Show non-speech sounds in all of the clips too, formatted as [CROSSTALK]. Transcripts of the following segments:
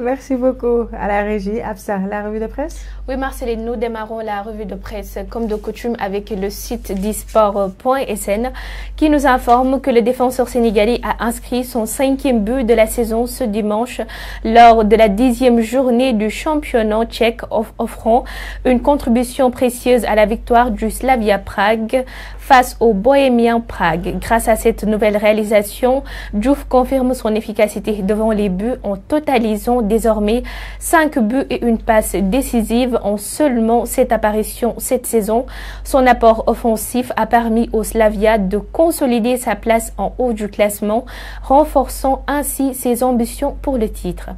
Merci beaucoup à la régie, Absa, la revue de presse. Oui, Marceline, nous démarrons la revue de presse comme de coutume avec le site disport.sn qui nous informe que le défenseur sénégalais a inscrit son cinquième but de la saison ce dimanche lors de la dixième journée du championnat tchèque offrant une contribution précieuse à la victoire du Slavia Prague face au Bohémien Prague. Grâce à cette nouvelle réalisation, Djouf confirme son efficacité devant les buts en totalisant désormais cinq buts et une passe décisive en seulement cette apparition cette saison. Son apport offensif a permis au Slavia de consolider sa place en haut du classement, renforçant ainsi ses ambitions pour le titre.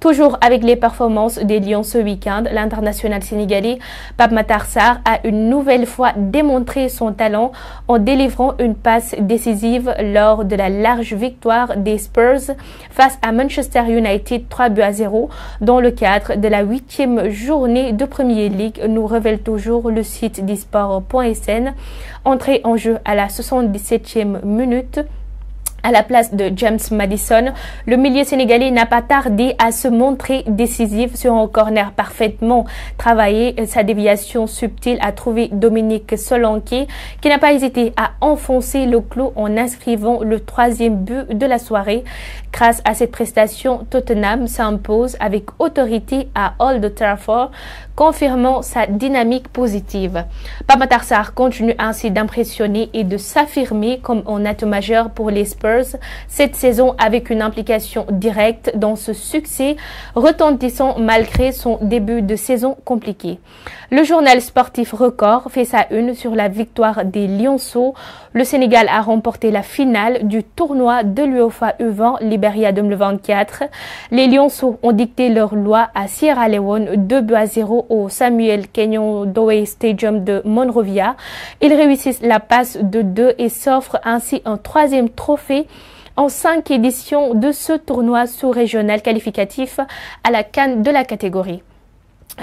Toujours avec les performances des Lions ce week-end, l'international sénégalais Pape Matarsar a une nouvelle fois démontré son talent en délivrant une passe décisive lors de la large victoire des Spurs face à Manchester United 3 buts à 0 dans le cadre de la huitième journée deux Premier League, nous révèle toujours le site disport.sn. Entrée en jeu à la 77e minute à la place de James Madison, le milieu sénégalais n'a pas tardé à se montrer décisif sur un corner parfaitement travaillé. Sa déviation subtile a trouvé Dominique Solanke qui n'a pas hésité à enfoncer le clou en inscrivant le troisième but de la soirée. Grâce à cette prestation, Tottenham s'impose avec autorité à Old Trafford, confirmant sa dynamique positive. Pamatarsar continue ainsi d'impressionner et de s'affirmer comme un atout majeur pour les Spurs cette saison avec une implication directe dans ce succès retentissant malgré son début de saison compliqué. Le journal sportif Record fait sa une sur la victoire des Lionceaux. Le Sénégal a remporté la finale du tournoi de Lufa e U20 Liberia 2024. Les Lionceaux ont dicté leur loi à Sierra Leone 2 0 au Samuel Kenyon Doe Stadium de Monrovia. Ils réussissent la passe de 2 et s'offrent ainsi un troisième trophée en cinq éditions de ce tournoi sous-régional qualificatif à la canne de la catégorie.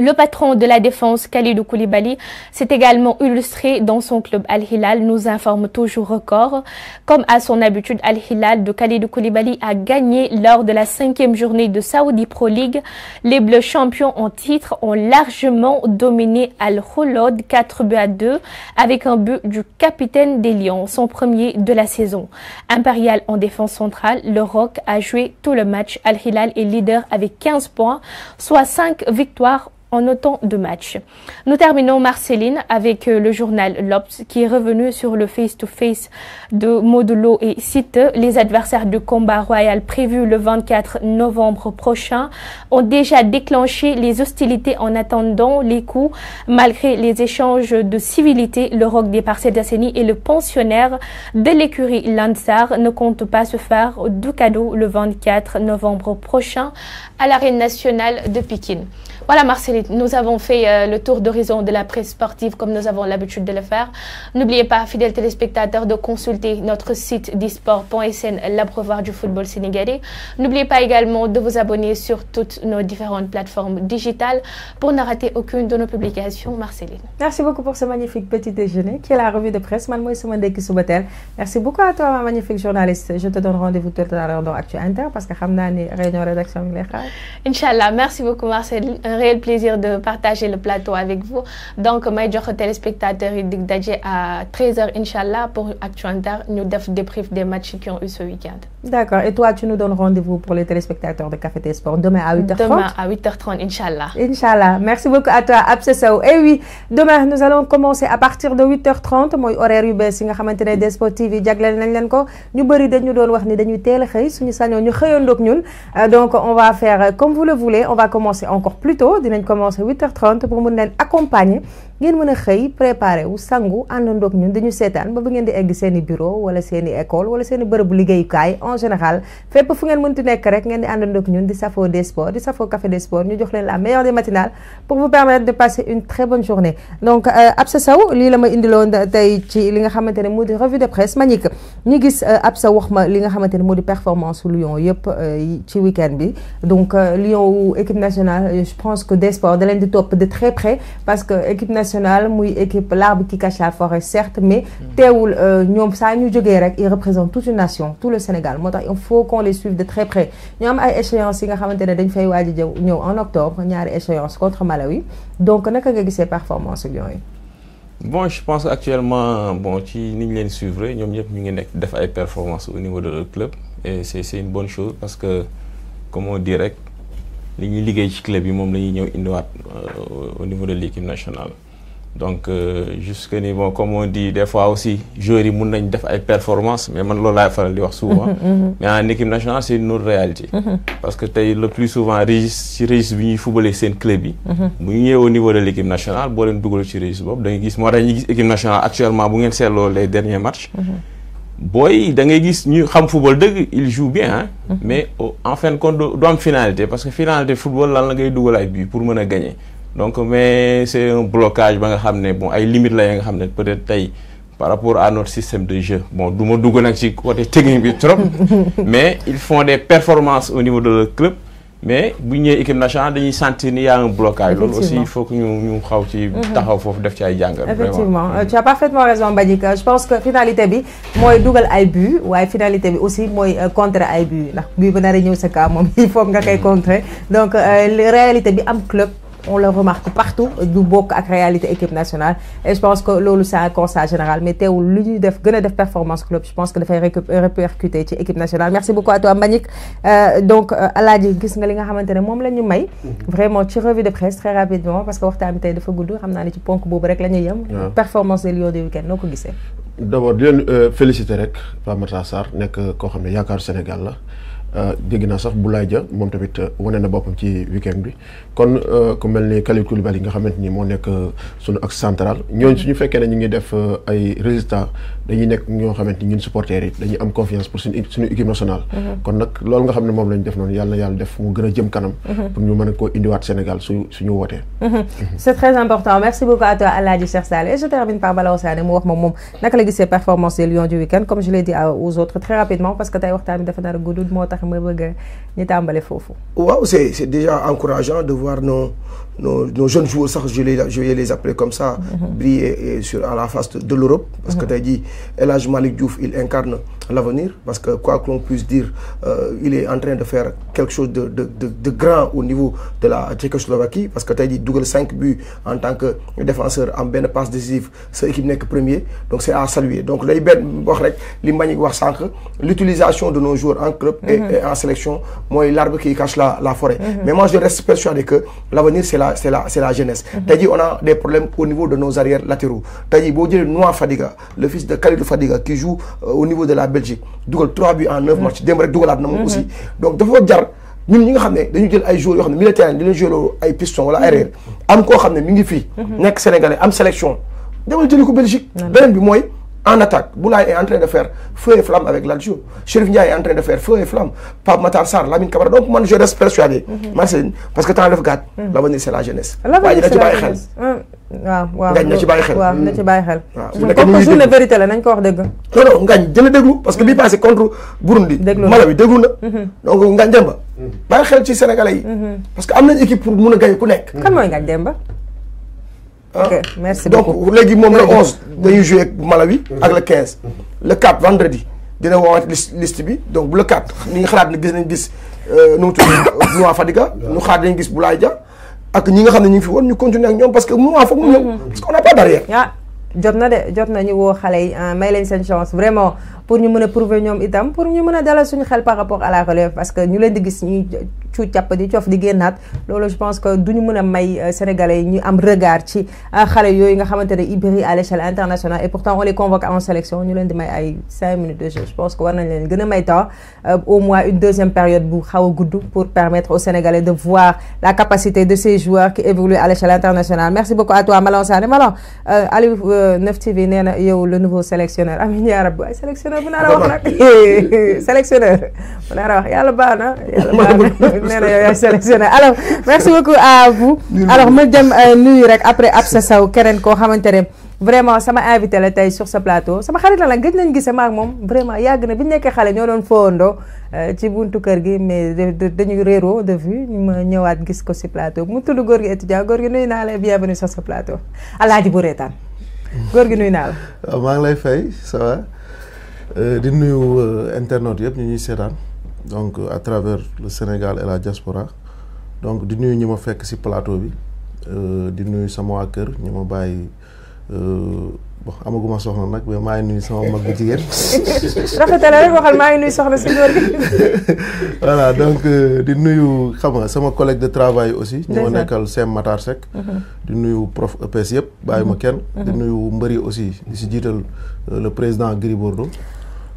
Le patron de la défense, Khalidou Koulibaly, s'est également illustré dans son club Al-Hilal, nous informe toujours record. Comme à son habitude, Al-Hilal de Khalidou Koulibaly a gagné lors de la cinquième journée de Saudi Pro League. Les Bleus champions en titre ont largement dominé Al-Holod 4 buts à 2 avec un but du capitaine des Lions, son premier de la saison. Impérial en défense centrale, le Rock a joué tout le match. Al-Hilal est leader avec 15 points, soit 5 victoires en autant de matchs. Nous terminons, Marceline, avec euh, le journal L'Obs qui est revenu sur le face-to-face de Modulo et Cite. Les adversaires du combat royal prévu le 24 novembre prochain ont déjà déclenché les hostilités en attendant les coups. Malgré les échanges de civilité, le roc des parcelles et le pensionnaire de l'écurie Lansar ne compte pas se faire du cadeau le 24 novembre prochain à l'arène nationale de Pékin. Voilà, Marceline, nous avons fait euh, le tour d'horizon de la presse sportive comme nous avons l'habitude de le faire. N'oubliez pas, fidèles téléspectateurs, de consulter notre site disport.sn, l'abreuvoir du football sénégalais. N'oubliez pas également de vous abonner sur toutes nos différentes plateformes digitales pour ne rater aucune de nos publications. Marceline. Merci beaucoup pour ce magnifique petit déjeuner qui est la revue de presse. Merci beaucoup à toi, ma magnifique journaliste. Je te donne rendez-vous tout à l'heure dans Actu Inter parce que Hamdani, réunion rédaction, Inch'Allah, merci beaucoup Marceline. Euh, réel plaisir de partager le plateau avec vous. Donc, may téléspectateurs yi dig à 13h inchallah pour Actu Nous devons def des matchs qui ont eu ce week-end. D'accord. Et toi, tu nous donnes rendez-vous pour les téléspectateurs de Café t Sport demain à 8h30. Demain à 8h30 inchallah. Inchallah. Merci beaucoup à toi Absa Et eh oui, demain nous allons commencer à partir de 8h30 Mon horaire est bees yi nga xamante Desport TV nous nañ leen ko ñu wax ni dañuy suñu ñu euh, donc on va faire comme vous le voulez on va commencer encore plus tôt commence à 8h30 pour vous accompagner ngeen mën a xëy préparé wu sangu àndandoog ñun dañu seetaan ba ba ngeen di egg seen i bureau wala seen i école wala seen i bërëbu liggéeyukaay en général fépp fu ngeen mënti nekk rek ngeen di àndandoog ñun di safoo des sports di safoo café des sports ñu jox leen la meilleure des matinales pour vous permettre de passer une très bonne journée donc euh, Absa saw lii la ma indiloon tey ci li nga xamante ne di revue de presse manique. ñu gis euh, Absa wax ma li nga xamante ne di performance Lyon yëpp euh, ci week-end bi donc Lyon équipe nationale je pense que des sports da leen di topp de très près parce que équipe nationale nationale muy équipe l'arbre qui cache la forêt certes mais euh, ils représentent toute une nation tout le Sénégal il faut qu'on les suive de très près Nous avons ay échéances yi en octobre échéance contre Malawi donc on nga gisee performance performances bon je pense actuellement bon ci ni ñu leen suivre ñoom performance performances au niveau de notre club et c'est une bonne chose parce que comme on dirait les ligues ñuy les ci club euh, au niveau de l'équipe nationale donc euh, jusque niveau comme on dit des fois aussi joueurs yi mun def performances mais man là il faral di wax souvent. [LAUGHS] Mhm. mais en équipe nationale c'est une autre réalité. Mhm. parce que t'es le plus souvent registre ci registre football ñuy clébi yi. Mhm. au niveau de l'équipe nationale boo leen peut ci registre boobu da ngay gis moo équipe nationale actuellement bu ngeen seetloo les derniers matchs. boy da ngay gis ñu xam football il joue bien hein. mais en fin de compte dans am finalité parce que finalité football là la ngay dugal ay but pour mën gagner donc mais c'est un blocage ba nga xamné bon ay limite la nga xamné peut-être tay par rapport à notre système de jeu bon du ma dugg nag ci côté [LAUGHS] technique bi trop [LAUGHS] mais ils font des performances au niveau de leur club mais bu ñëw équipe nationale dañuy sentir ni y a un blocage donc aussi il faut que ñu ñu xaw ci mhm. taxaw fofu def ci ay jàngal effectivement euh, tu as mhm. parfaitement raison Mbadika je pense que finalité bi mooy dugal ay but waaye finalité bi aussi mooy euh, contre ay but ndax but ba nar a ñëw sa cas moom [LAUGHS] il faut nga koy contre donc euh, réalité bi am club on le remarque partout du à ak réalité équipe nationale et je pense que lolu c'est un constat général mais tu lu def gëna def performance club je pense que fay répercuter ci équipe nationale merci beaucoup à toi Mbagnick euh, donc euh, Alaaji gis nga li nga xamante mom moom ñu may mhm. vraiment ci revue de presse très rapidement parce que waxtaan tay tey dafa gudd xamna ni ci ponk boobu rek lañu yëm performance des lieux du week-end noo d'abord di leen euh, féliciter rek Pape Matar Sarr nekk koo Sénégal la Euh, dégg naa sax Boulaye Dia moom tamit euh, wane na boppam ci weekend bi kon euh, ku mel ni Kalidou yi nga xamante ni moo nekk sunu ak central su ñu fekkee ne ñu ngi def ay résultats dañuy nekk ñoo xamante ni ñun supporters yi dañuy am confiance pour suñu suñu équipe nationale mhm. kon nag loolu nga xam ne moom lañ def noonu yàlla na yàlla def mu gën a jëm kanam mhm. pour ñu mën a koo indiwaat Sénégal su suñu wootee mhm. c'est très important merci beaucoup à toi Aladji Cheikh Sall et je termine par Balaw Sané mu wax moom moom naka la gisee performance des Lions du week-end comme je l'ai dit aux autres très rapidement parce que tey waxtaan bi dafa nar a guddul moo tax ma bëgg ñu tàmbale foofu waaw c'est c'est déjà encourageant de voir nos nos, nos jeunes joueurs sax je les je vais les appeler comme ça briller sur à la face de, l'Europe parce que tey jii et Malik Diouf il incarne l'avenir parce que quoi que l'on puisse dire euh, il est en train de faire quelque chose de grand au niveau de la Tchécoslovaquie parce que tu dit 5 5 buts en tant que défenseur en de passe décisive qui équipe que premier donc c'est à saluer donc l'utilisation de nos joueurs en club et, mhm. en sélection a l'arbre qui cache la la forêt mhm. mais moi je reste persuadé que l'avenir c'est la c'est la c'est la jeunesse as mhm. on a des problèmes au niveau de nos arrières latéraux Fadiga le fils de Kalidou Fadiga qui joue euh, au niveau de la Belgique dugal 3 buts en 9 mm. matchs Dembrek rek dugalaat na mm-hmm. aussi donc dafa jar ñun ñi nga xamné dañu jël ay joueurs yo xamné ne militaire di leen joué loolu ay piston wala arrière mm-hmm. am ko xamné mi ngi fi mm-hmm. nek sénégalais am sélection demal jëli ko Belgique benen bi moy en attaque boulay est en train de faire feu et flamme avec l'Algérie Chérif Ndiaye est en train de faire feu et flamme Pape Matar sar Lamine Camara donc man je reste persuadé Marceline parce que temps def gàtt mm. l'avenir c'est la jeunesse waaye dina ci bàyyi xel waaw waaw ngañ na ci bàyyi xel waaw na ci bàyyi xel. waaw comme journée vérité la nañ ko wax dëgg. non non ngañ dina déglu parce que bii mhm. passé contre Burundi. Malawi déglu na. Mhm. donc mhm. xel ci sénégalais yi. parce que am na équipe pour mun a gañ ku nekk. kan mooy ngañ Demba. Ah. ok donc léegi moom le 11. dañuy joué ak Malawi. ak le 15. le 4 vendredi dina woowaat liste bi donc bu le 4 ñu ngi xalaat ne gis nañ gis euh, nu mu tudd [COUGHS] Noa Fadiga. ñu xaar dañu gis Boulaye Dia. ak ñi nga xam ne ñu ngi fi woon ñu continuer ak ñoom parce que moment foog mu ñëw mm-hmm. parce que on n'a pas d'arrière jot na de jot nañu woo xale yi ah, may leen seen chance vraiment pour ñu mën a prouver ñoom itam pour ñu mën a dalal suñu xel par rapport à la parce que ñu leen di gis ñuy cuuc càpp di coof di génnaat loolu je pense que duñu mën a may euh, sénégalais ñu am regard ci euh, xale yooyu nga xamante ne ibri à l'échelle internationale et pourtant on les convoque en sélection ñu leen di may ay cinq minutes de jeu je pense que war nañ leen gën a may temps euh, au moins une deuxième période bu xaw a gudd pour permettre aux sénégalais de voir la capacité de ces joueurs qui évoluent à l'échelle internationale merci beaucoup à toi Malon Sané Malang Aliou 9TV nee na yow le nouveau sélectionneur amiin yaa rabbi ay sélectionneur bu naa la wax nag [LAUGHS] sélectionneur bu naa la wax yàlla baax na yàlla baax nee na yow yaay alors merci beaucoup à vous. alors ma dem euh, nuyu rek après Absa Sow keneen koo xamante vraiment sama invité la tay sur ce plateau sama xarit la nag gëj nañ gise maak moom vraiment yag na bi ñu xalé ñoo doon fowandoo euh, ci buntu kër gi mais dañu réro de vue ma ñëwaat gis ko ci plateau mu tudd góor gi étudiant góor gi nuyu naa la bienvenue sur ce plateau aladi bu reetaan góor gi nuyu naa la. [LAUGHS] waaw ngi lay fay ça va euh, di nuyu internet yépp ñu ñuy seetaan donc à travers le Sénégal et la diaspora donc di nuyu ñi ma ci plateau bi euh, di nuyu sama waa kër ñi ma bàyyi euh, bon ma soxna mais sama mag bu [LAUGHS] rek soxna [LAUGHS] voilà donc euh, di nuyu sama collègue de travail aussi. ñu nekkal sem Matar Seck. Mhm. di nuyu prof EPS ma mhm. kenn. di mhm. nuyu aussi di dire le président Gris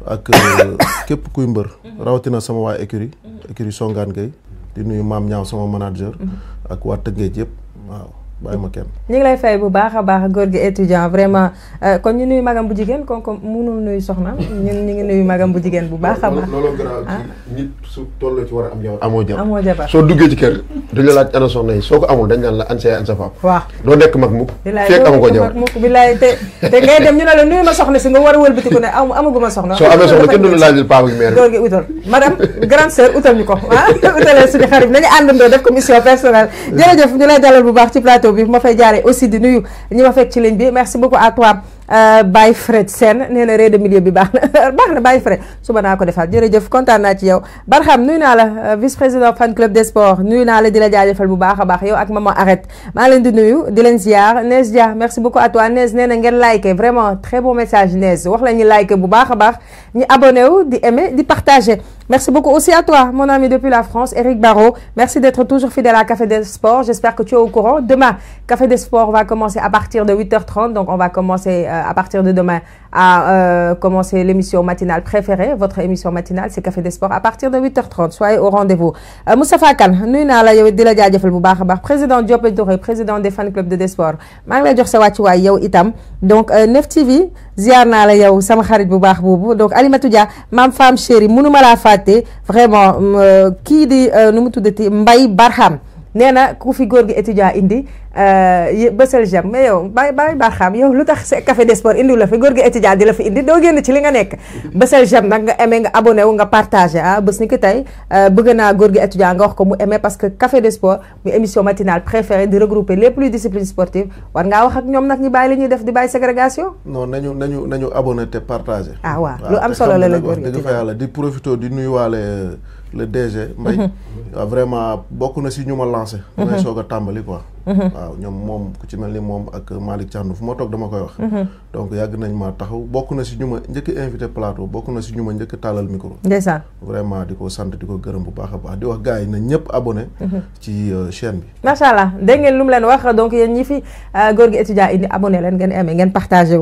ak euh, [COUGHS] képp kuy mbër rawatina sama waa écurie écurie Songane Gueye di nuyu maam ñaaw sama manager mhm. ak waa Tëngéej yëpp waaw bàyyi ma kenn. ñu ngi lay fay bu baax a baax góor gi étudiant vraiment euh, kon ñu nuyu magam bu jigéen kon ko mënul nuyu soxna ñun ñu ngi nuyu magam bu jigéen bu baax a baax. loolu garaaw ci ah. nit su tolloo ci war a am jabar amoo jabar amoo jabar soo duggee ci kër duñ la laaj ana soxna yi soo ko amul dañ naan la an say an sa faam. waaw doo nekk mag mukk. fekk amu ko jabar mukk bilaay te te ngay dem ñu ne la nuyu ma soxna si nga war a wëlbatiku ne am amaguma soxna. soo amee soxna kenn du la laajal paa ak mère góor gi utal madame grande sœur utal ñu ko ah [LAUGHS] utalee suñu xarit nañu àndandoo def ko mission personnelle [LAUGHS] jërëjëf ñu lay dalal bu baax ci plateau plateau bi bu ma fay jaaree aussi di nuyu ñi ma fekk ci ligne bi merci beaucoup à toi euh, Baye Fred Sène nee na de milieu bi baax na [LAUGHS] baax na Baye Fred suba naa ko defaat jërëjëf kontaan naa ci yow Barham nuy na la euh, vice président fan club des sports nuy na la di la jaajëfal bu baxa bax yow ak maman arrête ma len di nuyu di len ziar Nez Dia merci beaucoup à toi Nez nee na ngeen vraiment très bon message Nez wax la ñu liké bu baxa bax baax abonné wu di aimer di partager merci beaucoup aussi à toi mon ami depuis la France Eric Barrault merci d'être toujours fidèle à Café des Sports j'espère que tu es au courant demain Café des Sports va commencer à partir de 8h30 donc on va commencer. Euh, euh, à partir de demain à euh, commencer l'émission matinale préférée votre émission matinale c'est Café des Sports à partir de 8h30 soyez au rendez-vous euh, moussa Kane nous n'allons pas président Diop Doré président des fan club de des sports maa ngi lay jox yow itam donc 9TV ziar naa la yow sama xarit donc Alimatou Dia femme chérie mënuma laa faté, vraiment kii di nu mu Barham nee na ku fi góor gi étudiant indi euh, bësal jam mais yow bàyyi bàyyi baax xam yow lu tax café de sports indiw la fi góor gi étudiant di la fi indi doo génn ci li nga nekk bësal jam nag nga aimé nga abonné wu nga partagé ah bés ni ki tey euh, bëgg naa góor gi étudiant nga wax ko mu aimé parce que café de sports mu émission matinale préférée di regrouper les plus disciplines sportives war ngaa wax ak ñoom nag ñi bàyyi la ñuy def di bàyyi ségrégation non nañu nañu nañu abonné te partagé ah am solo la la góor gi dëgg le DG Mbaye mhm. waaw vraiment bokk na si ñu ma lancé mhm. damay soog a tàmbali quoi mhm. waaw ñoom moom ku ci mel ni moom ak Malick Thiandou fu ma toog dama koy wax donc yàgg nañ maa taxaw bokk na si ñu ma njëkk invité plateau bokk na si ñu ma njëkk tàllal micro ndeysaan vraiment di ko sant di ko gërëm bu baax a baax di wax gars yi na ñëpp abonné ci euh, chaîne bi macha allah dégg ngeen lu mu leen wax donc yéen ñi fi euh, góor gi étudiant indi abonné leen ngeen aimé ngeen partagé